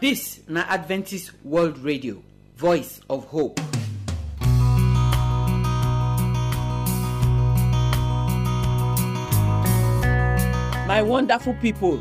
dis na adventist world radio voice of hope. my wonderful people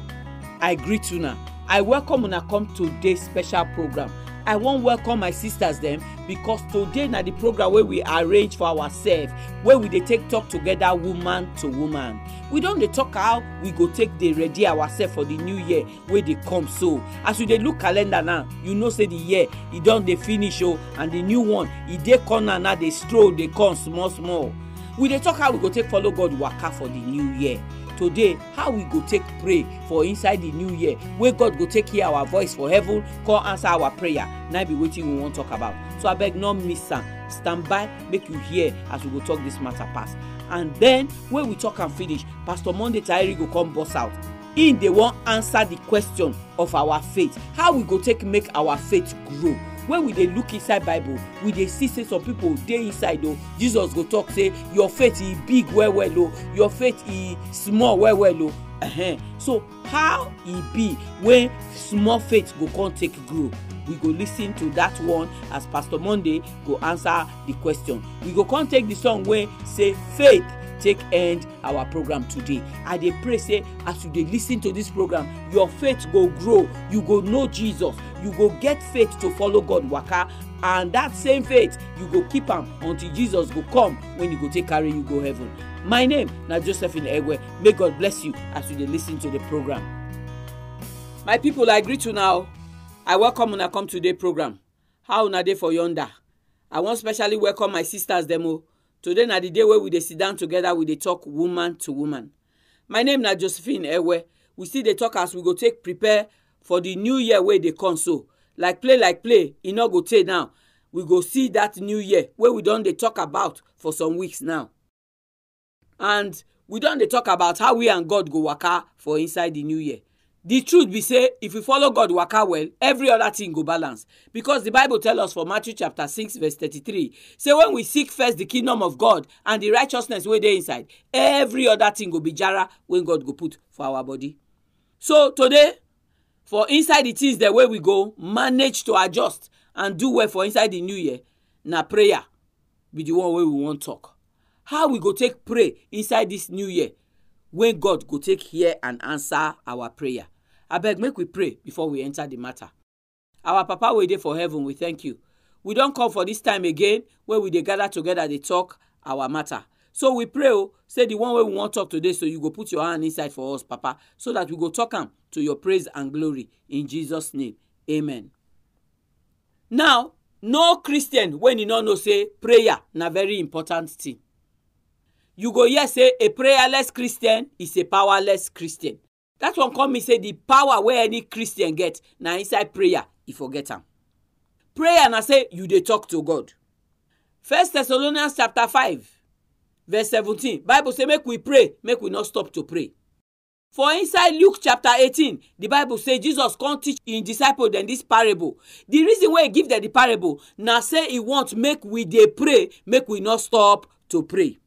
i greet una i welcome una come today special program i wan welcome my sisters dem because today na the program wey we arrange for ourselves wey we dey take talk together woman to woman we don dey talk how we go take dey ready ourselves for the new year wey dey come so as you dey look calendar now you know say the year e don dey finish o oh, and the new one e dey corner now dey stroll dey come small small we dey talk how we go take follow god waka for the new year today how we go take pray for inside the new year wey god go take hear our voice for heaven come answer our prayer na be wetin we wan talk about so abeg no miss am stand by make you hear as we go talk this matter pass and then when we talk am finish pastor monday tairi go come burst out im dey wan answer the question of our faith how we go take make our faith grow when we dey look inside bible we dey see say some people dey inside o jesus go talk say your faith e big well well o your faith e small well well o uh -huh. so how e be when small faith go come take grow we go lis ten to that one as pastor monday go answer the question we go come take the song wey say faith take end our program today i dey pray say as you dey lis ten to this program your faith go grow you go know jesus you go get faith to follow god waka and that same faith you go keep am until jesus go come when he go take carry you go heaven my name na josephine egwe may god bless you as you dey lis ten to the program. my people i greet you now. i welcome una come today program how una dey for yonder i wan specially welcome my sisters dem o today na the day wey we dey sit down together we dey talk woman to woman my name na josephine ewe we still dey talk as we go take prepare for the new year wey dey come so like play like play e no go tey now we go see that new year wey we don dey talk about for some weeks now and we don dey talk about how we and god go waka for inside the new year the truth be say if we follow god waka well every other thing go balance because the bible tell us for matthew chapter six verse thirty-three say when we seek first the kingdom of god and the righteousness wey dey inside every other thing go be jara wey god go put for our body so today for inside the things dem wey we go manage to adjust and do well for inside the new year na prayer be the one wey we wan talk how we go take pray inside this new year when god go take hear and answer our prayer abeg make we pray before we enter the matter our papa wey dey for heaven we thank you we don come for this time again wey we dey gather together dey talk our matter so we pray o oh, say the one wey we wan talk today so you go put your hand inside for us papa so that we go talk am to your praise and glory in jesus name amen now no christian wey e no know say prayer na very important thing you go hear say a prayerless christian is a powerless christian That one come mean say the power wey any christian get na inside prayer e forget am prayer na say you dey talk to god first thessalonians chapter five verse seventeen bible say make we pray make we not stop to pray for inside luke chapter eighteen the bible say jesus come teach im disciples dem this parable the reason why he give dem the parable na say he want make we dey pray make we not stop to pray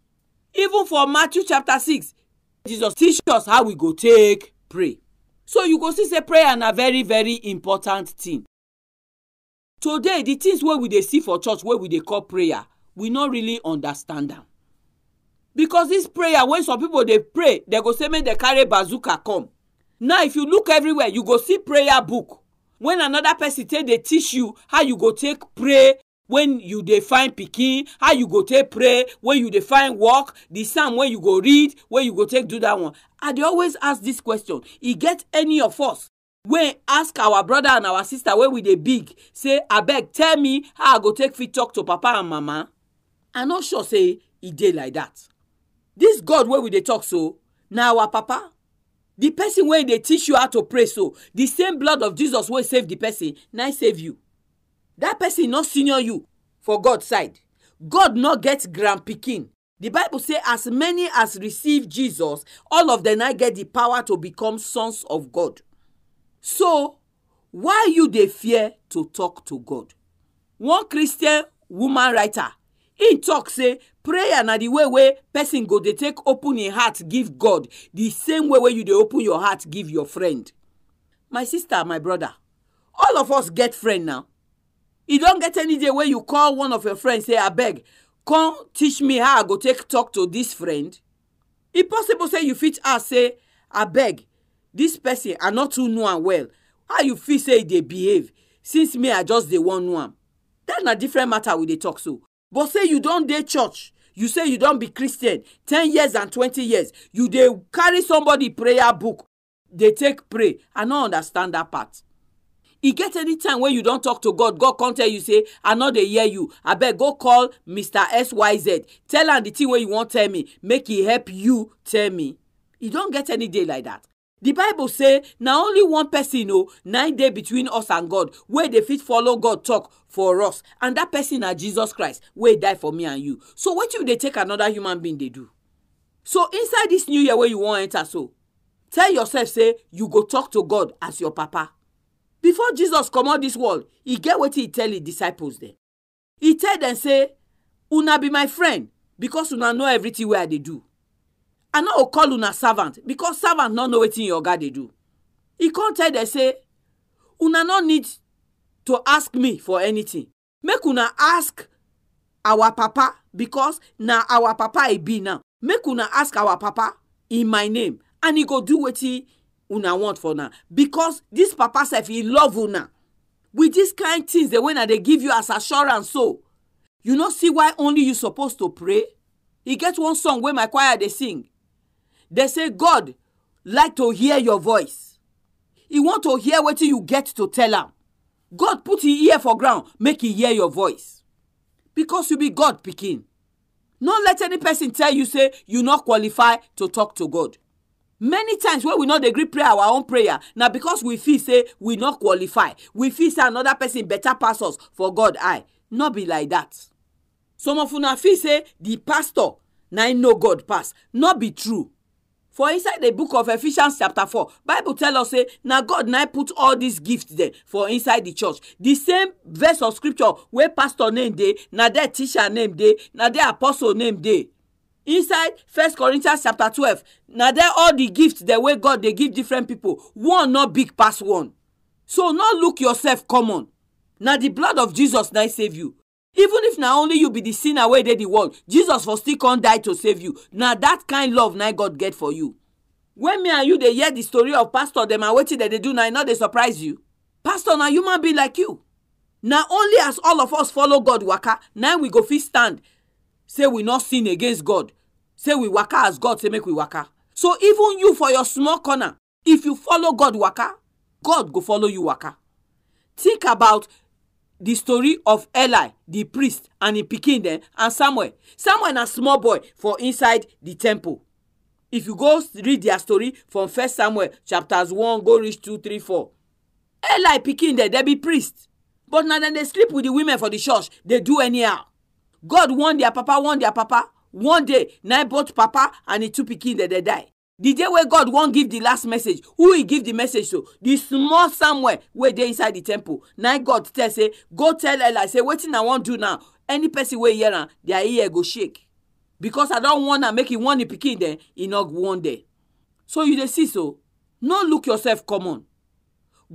even for matthew chapter six jesus teach us how we go take pray so you go see say prayer na very very important thing today the things wey we dey see for church wey we dey call prayer we no really understand am because this prayer when some people dey pray dem go say make dem carry bazooka come now if you look everywhere you go see prayer book when another person take dey teach you how you go take pray when you dey find pikin how you go take pray when you dey find work the psalm wey you go read wey you go take do that one i dey always ask this question e get any of us wey ask our brother and our sister wey we dey big say abeg tell me how i go take fit talk to papa and mama i no sure say e dey like that this god wey we dey talk so na our papa the person wey dey teach you how to pray so the same blood of jesus wey save the person na e save you that person no senior you for god side god no get grand pikin the bible say as many as receive jesus all of them I get the power to become sons of god so why you dey fear to talk to god one christian woman writer he talk say prayer na the way wey person go dey take open him heart give god the same way wey you dey open your heart give your friend my sister my brother all of us get friend now You don't get any day wey you call one of your friends say abeg come teach me how i go take talk to this friend e possible say you fit ask say abeg this person i no too know am well how you feel say e dey behave since me i just dey wan know am dat na different matter we dey talk so but say you don dey church you say you don be christian ten years and twenty years you dey carry somebody prayer book dey take pray i no understand that part e get any time when you don talk to god god come tell you say i no dey hear you abeg go call mr syz tell am the thing wey you wan tell me make he help you tell me e don get any day like that the bible say na only one person o oh, nine dey between us and god wey dey fit follow god talk for us and that person na jesus christ wey die for me and you so wetin you dey take another human being dey do so inside this new year wey you wan enter so tell yourself say you go talk to god as your papa before jesus comot dis world e get wetin e tell e disciples dem e tell dem say una be my friend because una know everything wey i dey do i no go call una servant because servant no know wetin your oga dey do e come tell dem say una no need to ask me for anything make una ask our papa because na our papa e be now make una ask our papa in my name and e go do wetin una want for now because this papa sef he love una with this kind things the way na dey give you as assurance so you no see why only you suppose to pray e get one song wey my choir dey sing dey say god like to hear your voice e want to hear wetin you get to tell am god put e ear for ground make e hear your voice because you be god pikin no let any person tell you say you no qualify to talk to god many times wey we no dey gree pray our own prayer na because we feel say we no qualify we feel say another person better pass us for god eye no be like that some of una feel say the pastor na him know god pass no be true for inside the book of ephesians chapter four bible tell us say na god na put all these gifts there for inside the church the same verse of scripture wey pastor name dey na there teacher name dey na there apostle name dey inside first corinthians chapter twelve na there all the gifts the way god dey give different people one no big pass one so no look yourself common na the blood of jesus na e save you even if na only you be the sinner wey dey the world jesus for still come die to save you na that kind love na e god get for you when me and you dey hear the story of pastor dem and wetin dem dey do na e no dey surprise you pastor na human being like you na only as all of us follow god waka na e we go fit stand say we not sin against god say we waka as god say make we waka so even you for your small corner if you follow god waka god go follow you waka think about the story of eli the priest and him pikin dem and samuel samuel na small boy for inside the temple if you go read their story from first samuel chapters one go reach two three four eli pikin dem dey be priest but na dem dey sleep with the women for the church dey do anyhow god warn their papa warn their papa one day na both papa and the two pikin dem dey die the day where god wan give the last message who he give the message to the small somewhere where they inside the temple na god tell say go tell eli say what thing i wan do now any person where hear am their ear go shake because i don't want am make him want the pikin dem he no warn dem so you dey see so no look yourself common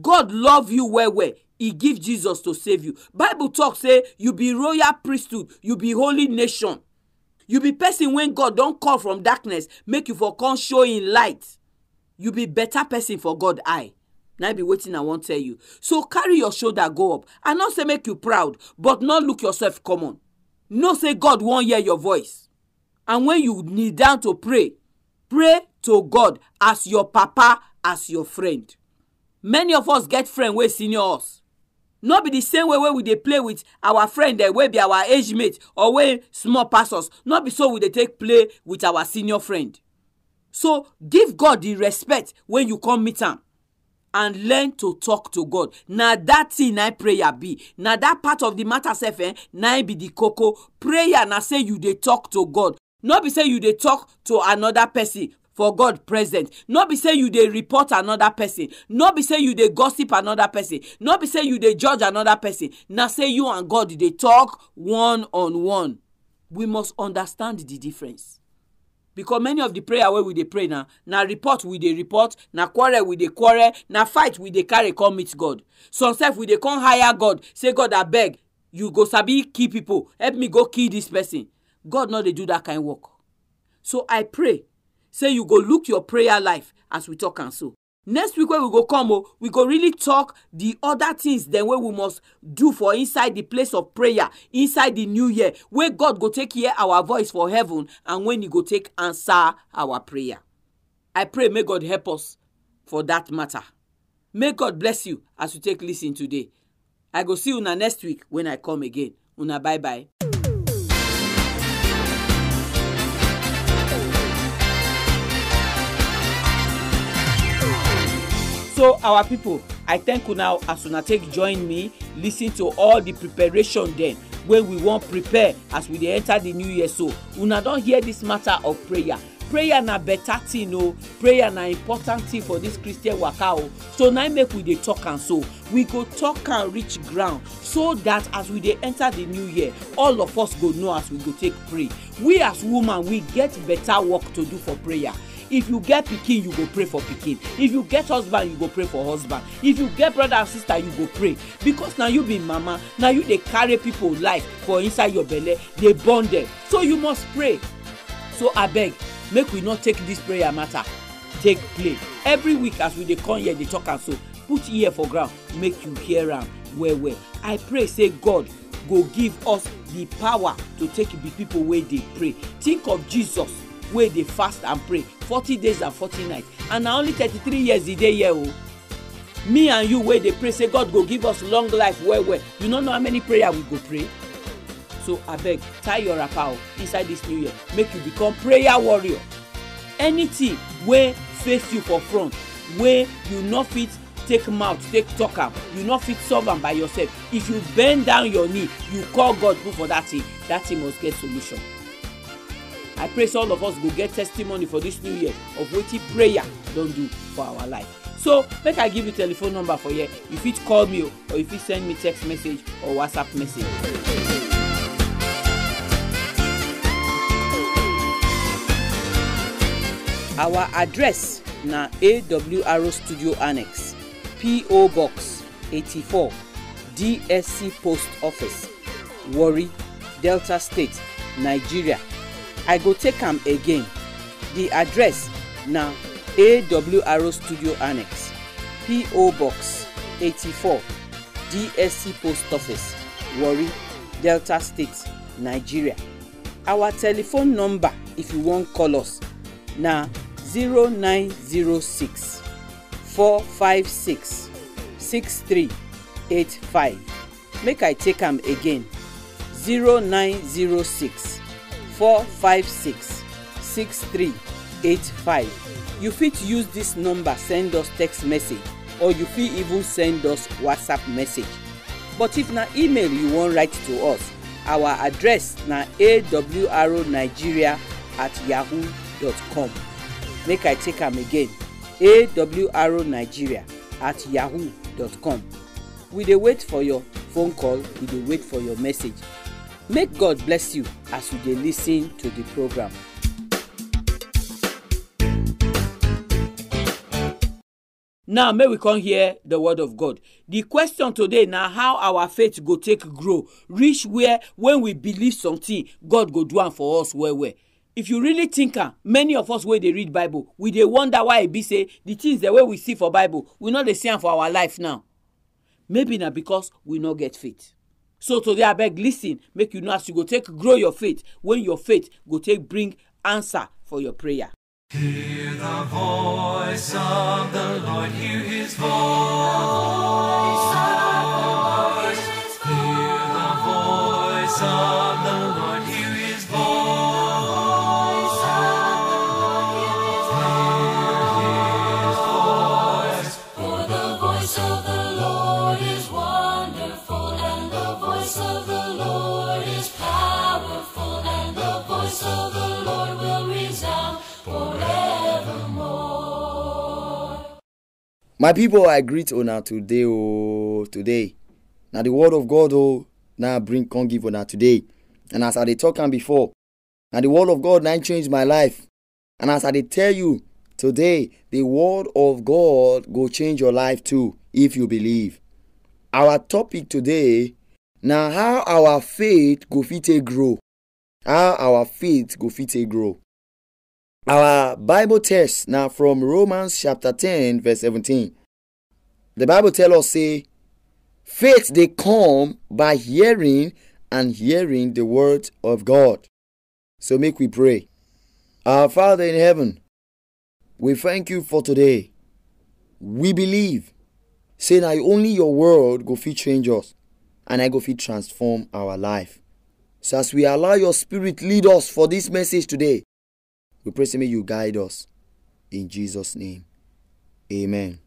god love you well well he give jesus to save you bible talk say you be royal priesthood you be holy nation you be person when god don call from darkness make you for come show him light you be better person for god eye na be wetin i wan tell you so carry your shoulder go up i no say make you proud but no look yourself common know say god wan hear your voice and when you kneel down to pray pray to god as your papa as your friend many of us get friend wey senior us no be the same way wey we dey play with our friend dem wey be our age mate or wey small pass us no be so we dey take play with our senior friend so give god the respect when you come meet am and learn to talk to god na that thing na prayer be na that part of the matter sef eh na be the koko prayer na say you dey talk to god no be say you dey talk to another person for god present no be say you dey report another person no be say you dey gossip another person no be say you dey judge another person na say you and god dey talk one on one we must understand the difference because many of the prayer wey we dey pray na na report we dey report na quarrel we dey quarrel na fight we dey carry come meet god some sef we dey come hire god say god abeg you go sabi kill people help me go kill this person god no dey do that kind work so i pray say you go look your prayer life as we talk and so next week when we go come oh, we go really talk the other things Then wey we must do for inside the place of prayer inside the new year where god go take hear our voice for heaven and when he go take answer our prayer i pray may god help us for that matter may god bless you as you take listen today i go see una next week when i come again una bye bye. so our people, i thank una as una take join me lis ten to all the preparation dem wey we wan prepare as we dey enter the new year so una don hear this matter of prayer prayer na better thing o oh. prayer na important thing for this christian waka o oh. so na make we dey talk am so we go talk am reach ground so that as we dey enter the new year all of us go know as we go take pray we as woman we get better work to do for prayer if you get pikin you go pray for pikin if you get husband you go pray for husband if you get brother and sister you go pray because na you be mama na you dey carry people life for inside your belle dey born them so you must pray so abeg make we no take this prayer matter take play every week as we dey come here dey talk am so put ear for ground make you hear am well well i pray say god go give us the power to take be people wey dey pray think of jesus wey dey fast and pray forty days and forty nights and na only thirty-three years e dey here o oh. me and you wey dey pray say god go give us long life well well you no know how many prayer we go pray so abeg tie your wrapper o oh, inside this new year make you become prayer warrior anything wey face you for front wey you no fit take mouth take talk am you no fit solve am by yourself if you bend down your knee you call god put for that thing that thing must get solution i pray say all of us go get testimony for this new year of wetin prayer don do for our life so make i give you telephone number for here you fit call me or you fit send me text message or whatsapp message. our address na awr studio annex po box eighty-four dsc post office warri delta state nigeria i go take am again The address na awr studio annex p.o box eighty-four dsc post office warri delta state nigeria our telephone number if you wan call us na zero nine zero six four five six six three eight five make i take am again zero nine zero six four five six six three eight five you fit use this number send us text message or you fit even send us whatsapp message but if na email you wan write to us our address na awrnigeria at yahoo dot com make i take am again awrnigeria at yahoo dot com we dey wait for your phone call we dey wait for your message Make God bless you as you dey lis ten to the program. Now may we come hear the word of God. The question today na how our faith go take grow reach where when we believe something God go do am for us well well. If you really think am many of us wey dey read bible we dey wonder why e be say the things dem wey we see for bible we no dey see am for our life now. Maybe na because we no get faith. so today I beg, listen, make you know as you go take grow your faith when your faith go take bring answer for your prayer. Hear the voice of the Lord, hear his voice. my people, i greet una today Oh, today Now the word of god oh, now bring come give today and as i dey talk am before na the word of god now change my life and as i dey tell you today the word of god go change your life too if you believe our topic today now how our faith go fit a grow how our faith go fit a grow our Bible text now from Romans chapter 10, verse 17. The Bible tells us, say, faith they come by hearing and hearing the word of God. So make we pray. Our Father in heaven, we thank you for today. We believe, say "I only your word go fit change us and I go fit transform our life. So as we allow your spirit lead us for this message today, We pray, say, may you guide us. In Jesus' name. Amen.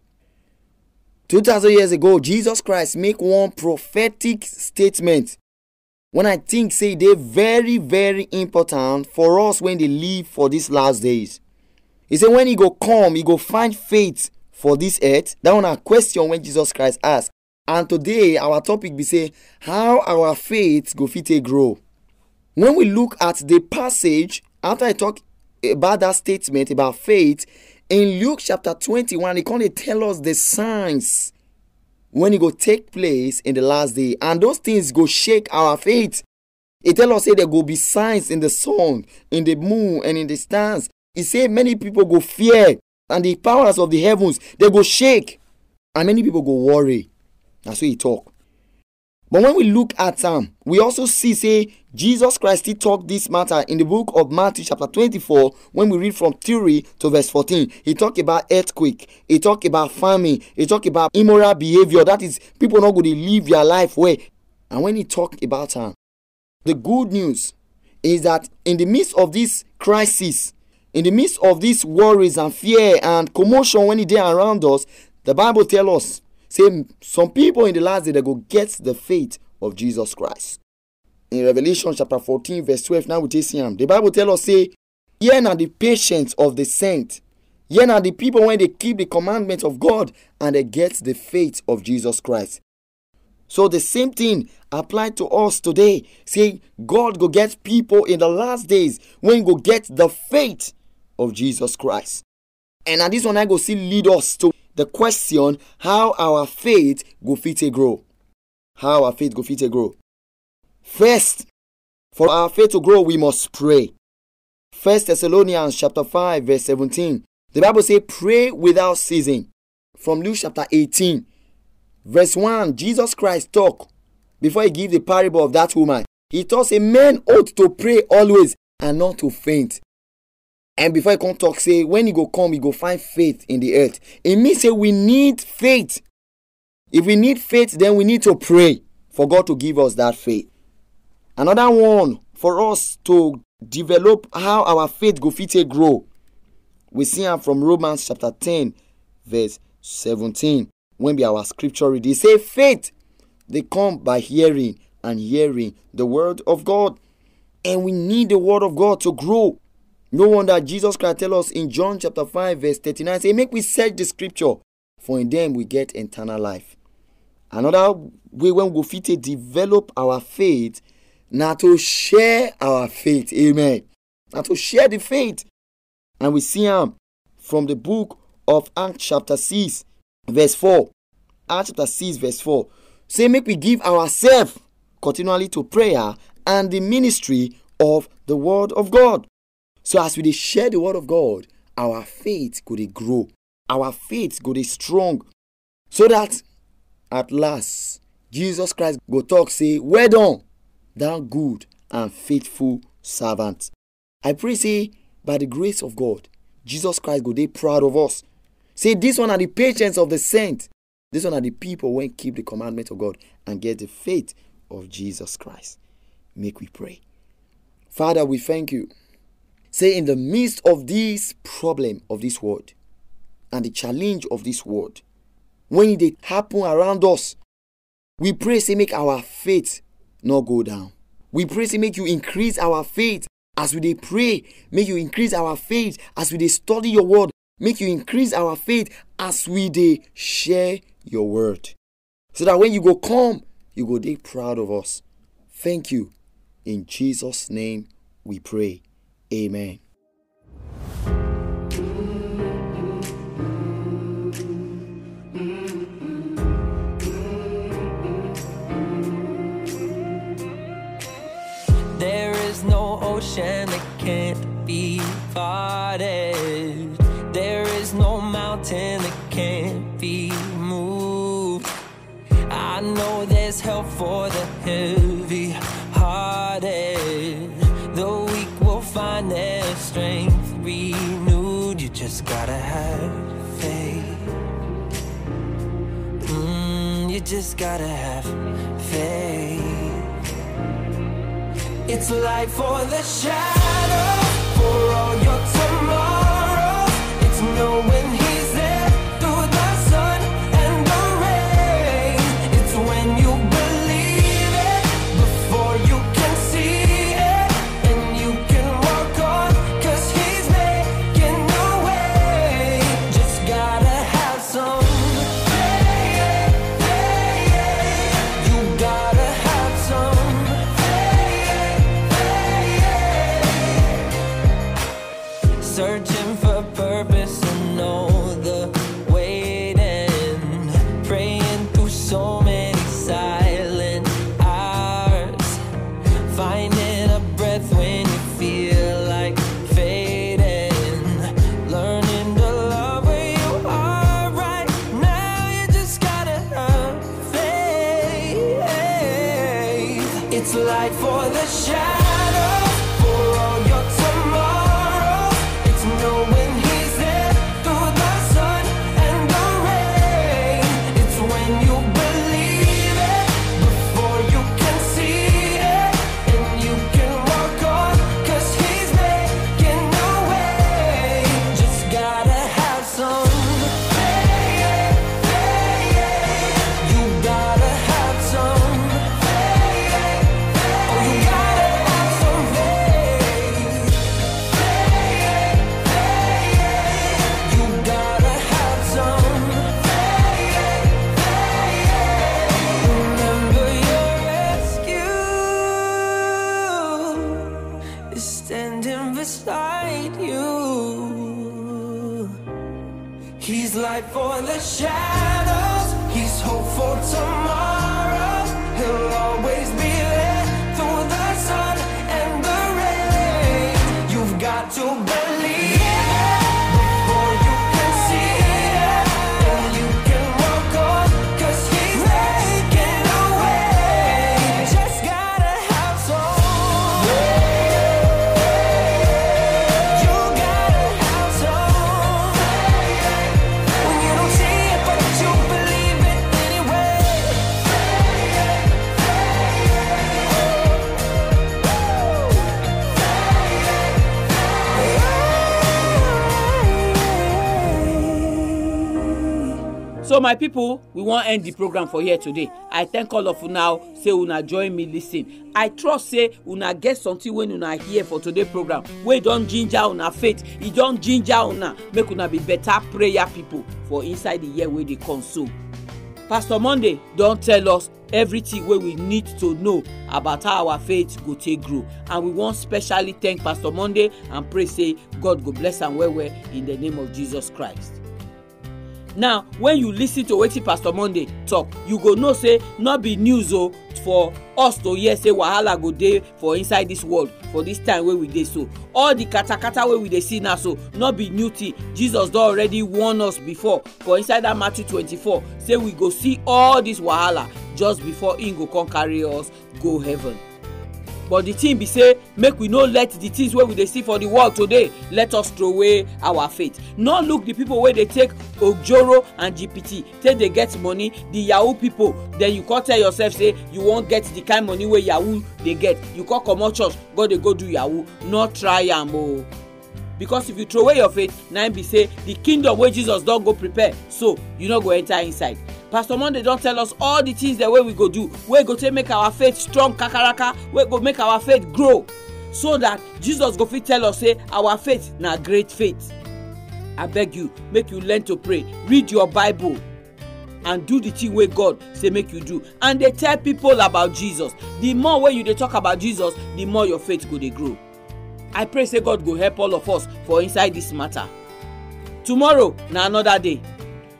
2000 years ago, Jesus Christ make one prophetic statement. When I think, say, they very, very important for us when they live for these last days. He said, when he go come, he go find faith for this earth. That one a question when Jesus Christ asked. And today our topic be say how our faith go fit grow. When we look at the passage after I talk about that statement about faith in Luke chapter 21, he can tell us the signs when it go take place in the last day, and those things go shake our faith. He tell us say there go be signs in the sun, in the moon, and in the stars. He say many people go fear, and the powers of the heavens they go shake, and many people go worry. That's what he talk. But when we look at um, we also see say Jesus Christ he talked this matter in the book of Matthew chapter 24 when we read from theory to verse 14. He talked about earthquake, he talked about famine, he talked about immoral behavior. That is, people not going to live their life way. And when he talked about um, the good news is that in the midst of this crisis, in the midst of these worries and fear and commotion when it they around us, the Bible tells us Say some people in the last day they go get the faith of Jesus Christ. In Revelation chapter 14, verse 12, now we take him. The Bible tell us, say, Here are the patience of the saint. Here are the people when they keep the commandments of God and they get the faith of Jesus Christ. So the same thing applied to us today. Say God go get people in the last days when go get the faith of Jesus Christ. And at this one I go see lead us to the question how our faith go fit grow. How our faith go fit grow. First, for our faith to grow, we must pray. First Thessalonians chapter 5, verse 17. The Bible say, pray without ceasing. From Luke chapter 18, verse 1, Jesus Christ talk before he give the parable of that woman. He taught a man ought to pray always and not to faint and before he come talk say when he go come he go find faith in the earth It means say we need faith if we need faith then we need to pray for god to give us that faith another one for us to develop how our faith go fit grow we see am from romans chapter ten verse seventeen when be our scripture read they say faith they come by hearing and hearing the word of god and we need the word of god to grow No wonder Jesus Christ tell us in John chapter 5 verse 39 say make we search the scripture for in them we get eternal life. Another way when we fit to develop our faith na to share our faith. Amen. Na to share the faith. And we see am from the book of Acts chapter 6 verse 4. Acts chapter 6 verse 4 say make we give ourselves continually to prayer and the ministry of the word of God. So as we share the word of God, our faith could grow, our faith could be strong, so that at last Jesus Christ go talk say, "Well done, thou good and faithful servant." I pray say by the grace of God, Jesus Christ go dey proud of us. Say this one are the patience of the saint. This one are the people when keep the commandment of God and get the faith of Jesus Christ. Make we pray. Father, we thank you Say, in the midst of this problem of this world and the challenge of this world, when they happen around us, we pray, say, make our faith not go down. We pray, say, make you increase our faith as we they pray. Make you increase our faith as we they study your word. Make you increase our faith as we they share your word. So that when you go come, you go they proud of us. Thank you. In Jesus' name we pray. Amen. There is no ocean that can't be parted. There is no mountain that can't be moved. I know there's help for the hill. strength renewed. You just gotta have faith. Mm, you just gotta have faith. It's life for the shadow, for all your. light for the shadow He's light for the shadows. He's hope for tomorrow. so my people we wan end the program for here today i thank all of una say una join me lis ten i trust say una get something wey una hear for today program wey don ginger una faith e don ginger una make una be better prayer people for inside the year wey dey come so pastor monday don tell us everything wey we need to know about how our faith go take grow and we wan specially thank pastor monday and pray say god go bless am well well in the name of jesus christ now when you lis ten to wetin pastor monday talk you go know say no be news o for us to hear say wahala go dey for inside this world for this time wey we dey so all the katakata wey we dey see now so no be new thing jesus don already warn us before for inside that matthew twenty-four say we go see all this wahala just before him go come carry us go heaven but the thing be say make we no let the things wey we dey see for the world today let us throw away our faith no look the people wey dey take ojoro and gpt take dey get money the yahoo people then you come tell yourself say you wan get the kind money wey yahoo dey get you come comot church go dey go do yahoo no try am o because if you throw away your faith na be say the kingdom wey jesus don go prepare so you no go enter inside pastor monday don tell us all the things dem wey we go do wey go take make our faith strong kakaraka wey go make our faith grow so that jesus go fit tell us say our faith na great faith I beg you make you learn to pray read your bible and do the thing wey god say make you do and dey tell people about jesus the more wey you dey talk about jesus the more your faith go dey grow i pray say god go help all of us for inside this matter tomorrow na another day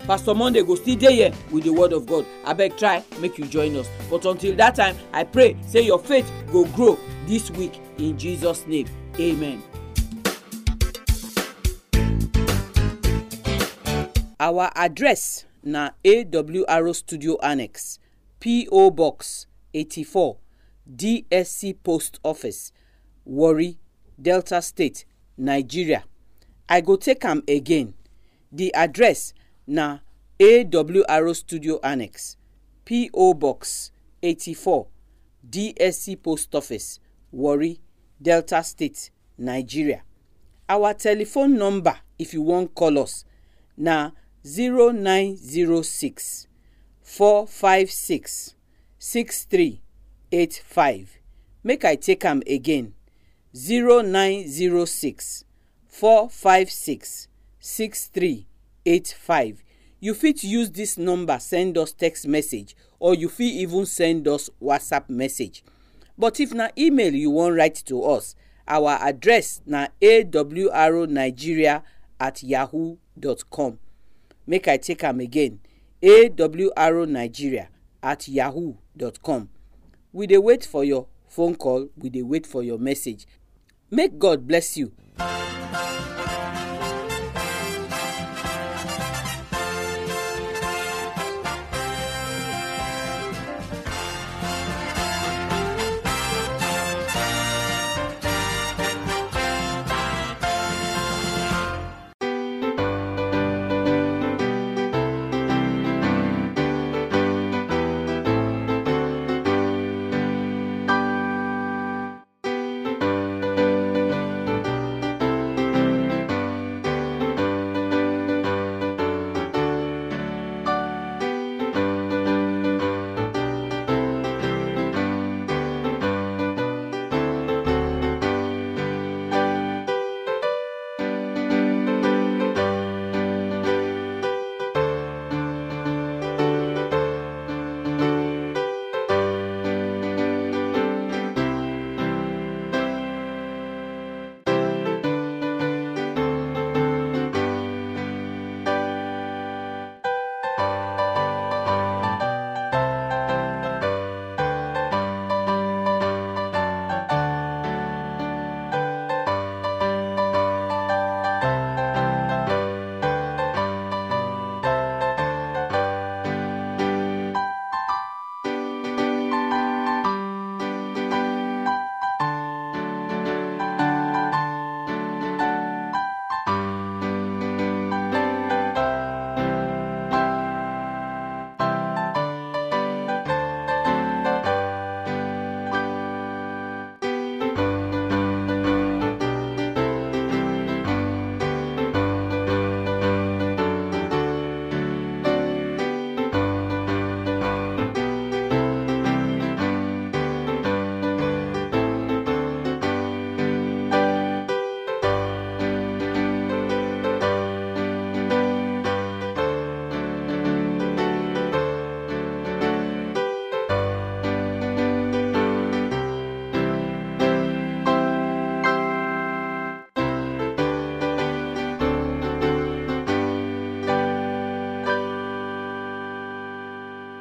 pastor monday go still dey here with the word of god abeg try make you join us but until that time i pray say your faith go grow this week in jesus name amen. our address na awr studio annex po box eighty-four dsc post office warri delta state nigeria i go take am again the address na awro studio annex po box 84 dsc post office warri delta state nigeria our telephone number if you wan call us na three eight five. make i take am again Zero zero nine six four five 0906 456 6385 8585. You fit use this number send us text message or you fit even send us WhatsApp message. But if na email you wan write to us, our address na awronigeria at yahoo dot com. Make I take am again awronigeria at yahoo dot com. We dey wait for your phone call, we dey wait for your message. Make God bless you.